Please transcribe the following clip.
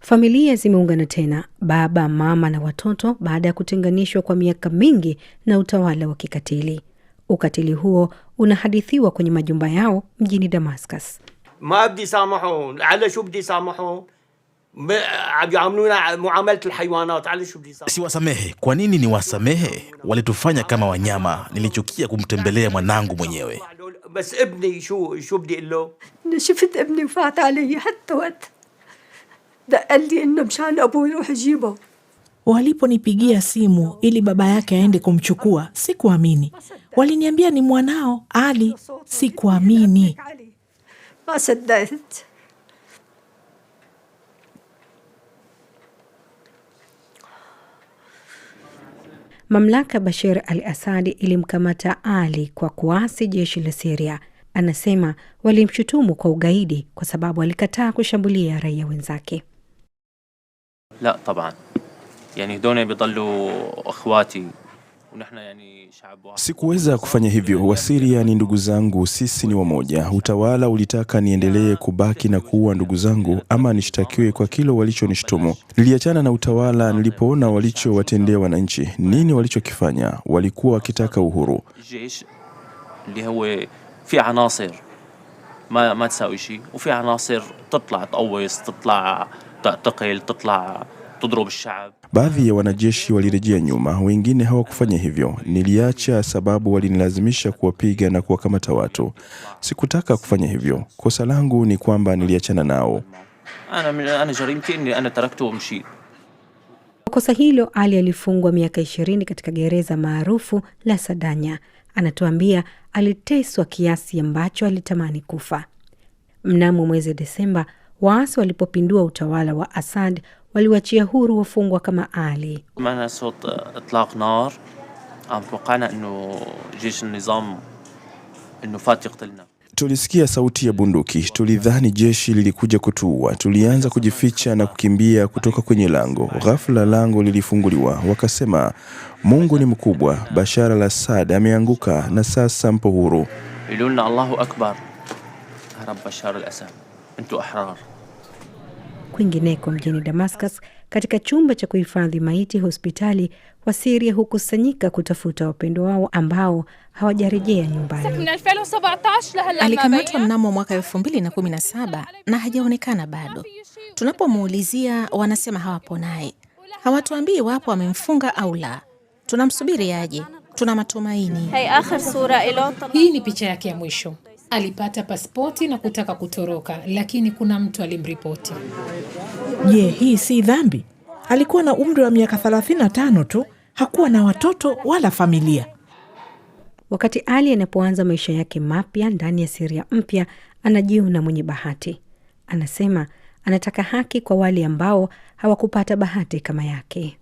Familia zimeungana tena, baba, mama na watoto, baada ya kutenganishwa kwa miaka mingi na utawala wa kikatili. Ukatili huo unahadithiwa kwenye majumba yao mjini Damascus. Siwasamehe. Kwa nini ni wasamehe Walitufanya kama wanyama. Nilichukia kumtembelea mwanangu mwenyewe. قال لي انه مشان ابوي يروح يجيبه. Waliponipigia simu ili baba yake aende kumchukua, sikuamini. Waliniambia ni mwanao Ali, sikuamini. Mamlaka Bashir al Asadi ilimkamata Ali kwa kuasi jeshi la Siria. Anasema walimshutumu kwa ugaidi kwa sababu alikataa kushambulia raia wenzake. لا طبعا يعني هدول بيضلوا اخواتي Sikuweza kufanya hivyo. Wasiria ni ndugu zangu, sisi ni wamoja. Utawala ulitaka niendelee kubaki na kuua ndugu zangu ama nishtakiwe kwa kilo walichonishtumu. Niliachana na utawala nilipoona walichowatendea wananchi. Nini walichokifanya? Walikuwa wakitaka uhuru. تقل تطلع تضرب الشعب. Baadhi ya wanajeshi walirejea nyuma, wengine hawakufanya hivyo. Niliacha sababu walinilazimisha kuwapiga na kuwakamata watu. Sikutaka kufanya hivyo. Kosa langu ni kwamba niliachana nao. Kosa hilo Ali alifungwa miaka ishirini katika gereza maarufu la Sadanya. Anatuambia aliteswa kiasi ambacho alitamani kufa. Mnamo mwezi Desemba Waasi walipopindua utawala wa Assad waliwachia huru wafungwa kama Ali. Uh, Tulisikia sauti ya bunduki, tulidhani jeshi lilikuja kutuua. Tulianza kujificha na kukimbia kutoka kwenye lango. Ghafla lango lilifunguliwa, wakasema, Mungu ni mkubwa, Bashar al-Assad ameanguka na sasa mpo huru. Allahu akbar, Bashar al-Assad, antu ahrar. Kwingineko mjini Damascus, katika chumba cha kuhifadhi maiti hospitali, Wasiria hukusanyika kutafuta wapendwa wao ambao hawajarejea nyumbani. Alikamatwa mnamo mwaka elfu mbili na kumi na saba na hajaonekana bado. Tunapomuulizia wanasema hawapo naye, hawatuambii wapo wamemfunga au la. Tunamsubiri aje, tuna matumaini. Hii ni picha yake ya mwisho alipata pasipoti na kutaka kutoroka, lakini kuna mtu alimripoti. Je, hii si dhambi? Alikuwa na umri wa miaka 35 tu, hakuwa na watoto wala familia. Wakati Ali anapoanza maisha yake mapya ndani ya Siria mpya, anajiona mwenye bahati. Anasema anataka haki kwa wale ambao hawakupata bahati kama yake.